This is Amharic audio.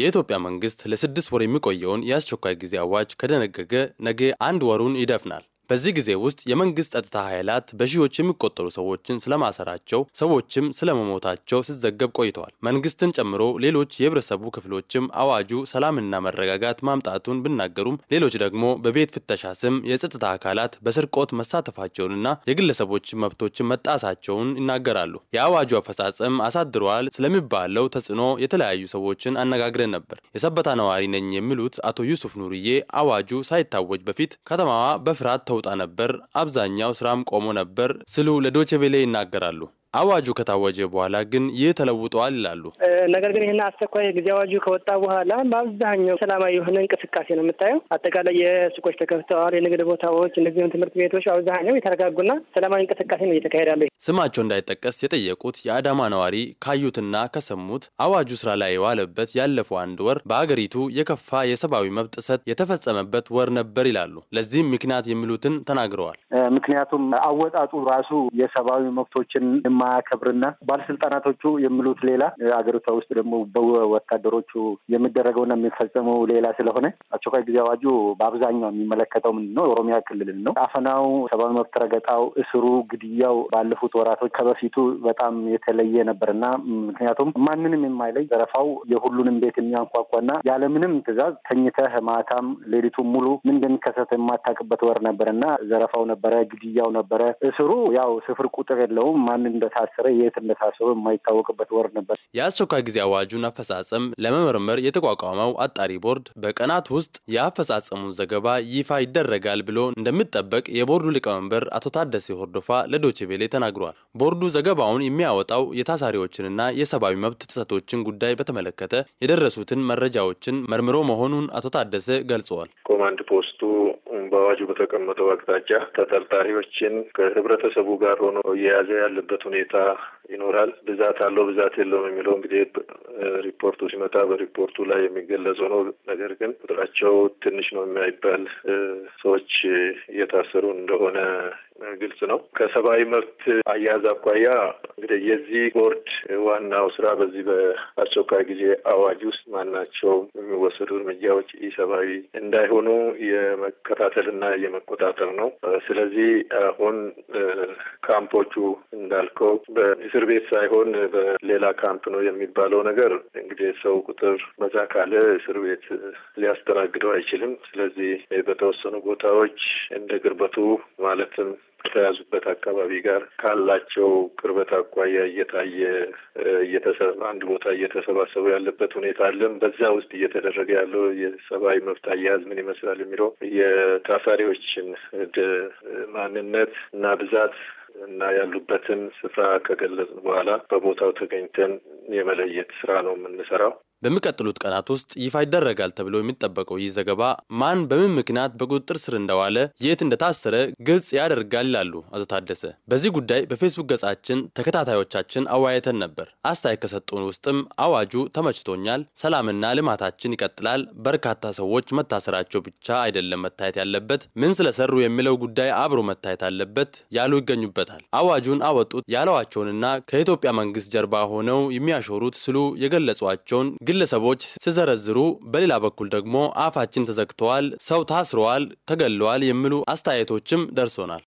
የኢትዮጵያ መንግስት ለስድስት ወር የሚቆየውን የአስቸኳይ ጊዜ አዋጅ ከደነገገ ነገ አንድ ወሩን ይደፍናል። በዚህ ጊዜ ውስጥ የመንግስት ጸጥታ ኃይላት በሺዎች የሚቆጠሩ ሰዎችን ስለማሰራቸው ሰዎችም ስለመሞታቸው ሲዘገብ ቆይተዋል። መንግስትን ጨምሮ ሌሎች የህብረተሰቡ ክፍሎችም አዋጁ ሰላምና መረጋጋት ማምጣቱን ቢናገሩም ሌሎች ደግሞ በቤት ፍተሻ ስም የጸጥታ አካላት በስርቆት መሳተፋቸውንና የግለሰቦች መብቶችን መጣሳቸውን ይናገራሉ። የአዋጁ አፈጻጸም አሳድረዋል ስለሚባለው ተጽዕኖ የተለያዩ ሰዎችን አነጋግረን ነበር። የሰበታ ነዋሪ ነኝ የሚሉት አቶ ዩሱፍ ኑርዬ አዋጁ ሳይታወጅ በፊት ከተማዋ በፍርሃት እወጣ ነበር፣ አብዛኛው ስራም ቆሞ ነበር ስሉ ለዶቼ ቬሌ ይናገራሉ። አዋጁ ከታወጀ በኋላ ግን ይህ ተለውጠዋል ይላሉ። ነገር ግን ይህን አስቸኳይ ጊዜ አዋጁ ከወጣ በኋላ በአብዛኛው ሰላማዊ የሆነ እንቅስቃሴ ነው የምታየው። አጠቃላይ የሱቆች ተከፍተዋል፣ የንግድ ቦታዎች እንደዚሁም ትምህርት ቤቶች በአብዛኛው የተረጋጉና ሰላማዊ እንቅስቃሴ ነው እየተካሄደ ስማቸው እንዳይጠቀስ የጠየቁት የአዳማ ነዋሪ ካዩትና ከሰሙት አዋጁ ስራ ላይ የዋለበት ያለፈው አንድ ወር በአገሪቱ የከፋ የሰብአዊ መብት ጥሰት የተፈጸመበት ወር ነበር ይላሉ። ለዚህም ምክንያት የሚሉትን ተናግረዋል። ምክንያቱም አወጣጡ ራሱ የሰብአዊ መብቶችን የማያከብርና ባለስልጣናቶቹ የሚሉት ሌላ ሀገሪቷ ውስጥ ደግሞ በወታደሮቹ የሚደረገውና የሚፈጸመው ሌላ ስለሆነ አስቸኳይ ጊዜ አዋጁ በአብዛኛው የሚመለከተው ምንድን ነው? የኦሮሚያ ክልልን ነው። አፈናው፣ ሰብአዊ መብት ረገጣው፣ እስሩ፣ ግድያው ባለፉት ወራቶች ከበፊቱ በጣም የተለየ ነበርና ምክንያቱም ማንንም የማይለይ ዘረፋው የሁሉንም ቤት የሚያንኳኳና ያለምንም ትዕዛዝ ተኝተህ ማታም ሌሊቱ ሙሉ ምን እንደሚከሰት የማታውቅበት ወር ነበር እና ዘረፋው ነበረ፣ ግድያው ነበረ። እስሩ ያው ስፍር ቁጥር የለውም። ማን እንደታሰረ የት እንደታሰሩ የማይታወቅበት ወር ነበር። የአስቸኳይ ጊዜ አዋጁን አፈጻጸም ለመመርመር የተቋቋመው አጣሪ ቦርድ በቀናት ውስጥ የአፈጻጸሙን ዘገባ ይፋ ይደረጋል ብሎ እንደሚጠበቅ የቦርዱ ሊቀመንበር አቶ ታደሴ ሆርዶፋ ለዶችቤሌ ተናግሯል። ቦርዱ ዘገባውን የሚያወጣው የታሳሪዎችንና የሰብአዊ መብት ጥሰቶችን ጉዳይ በተመለከተ የደረሱትን መረጃዎችን መርምሮ መሆኑን አቶ ታደሰ ገልጸዋል። ኮማንድ ፖስቱ በአዋጁ በተቀመጠው አቅጣጫ ተጠርጣሪዎችን ከህብረተሰቡ ጋር ሆኖ እየያዘ ያለበት ሁኔታ ይኖራል። ብዛት አለው ብዛት የለውም የሚለው እንግዲህ ሪፖርቱ ሲመጣ በሪፖርቱ ላይ የሚገለጽ ሆኖ ነገር ግን ቁጥራቸው ትንሽ ነው የማይባል ሰዎች እየታሰሩ እንደሆነ ግልጽ ነው። ከሰብአዊ መብት አያያዝ አኳያ እንግዲህ የዚህ ቦርድ ዋናው ስራ በዚህ በአስቸኳይ ጊዜ አዋጅ ውስጥ ማናቸው የሚወሰዱ እርምጃዎች ኢሰብአዊ እንዳይሆኑ የመከታተልና የመቆጣጠር ነው። ስለዚህ አሁን ካምፖቹ እንዳልከው በእስር ቤት ሳይሆን በሌላ ካምፕ ነው የሚባለው ነገር እንግዲህ ሰው ቁጥር በዛ ካለ እስር ቤት ሊያስተናግደው አይችልም። ስለዚህ በተወሰኑ ቦታዎች እንደ ግርበቱ ማለትም ከተያዙበት አካባቢ ጋር ካላቸው ቅርበት አኳያ እየታየ እየተሰራ አንድ ቦታ እየተሰባሰቡ ያለበት ሁኔታ አለም። በዛ ውስጥ እየተደረገ ያለው የሰብአዊ መብት አያያዝ ምን ይመስላል የሚለው የታሳሪዎችን ማንነት እና ብዛት እና ያሉበትን ስፍራ ከገለጽን በኋላ በቦታው ተገኝተን የመለየት ስራ ነው የምንሰራው። በሚቀጥሉት ቀናት ውስጥ ይፋ ይደረጋል ተብሎ የሚጠበቀው ይህ ዘገባ ማን በምን ምክንያት በቁጥጥር ስር እንደዋለ፣ የት እንደታሰረ ግልጽ ያደርጋል ይላሉ አቶ ታደሰ። በዚህ ጉዳይ በፌስቡክ ገጻችን ተከታታዮቻችን አወያየተን ነበር። አስተያየት ከሰጡን ውስጥም አዋጁ ተመችቶኛል፣ ሰላምና ልማታችን ይቀጥላል፣ በርካታ ሰዎች መታሰራቸው ብቻ አይደለም መታየት ያለበት፣ ምን ስለሰሩ የሚለው ጉዳይ አብሮ መታየት አለበት ያሉ ይገኙበታል። አዋጁን አወጡት ያለዋቸውንና ከኢትዮጵያ መንግስት ጀርባ ሆነው የሚያሾሩት ስሉ የገለጿቸውን ግለሰቦች ሲዘረዝሩ፣ በሌላ በኩል ደግሞ አፋችን ተዘግተዋል፣ ሰው ታስረዋል፣ ተገለዋል የሚሉ አስተያየቶችም ደርሶናል።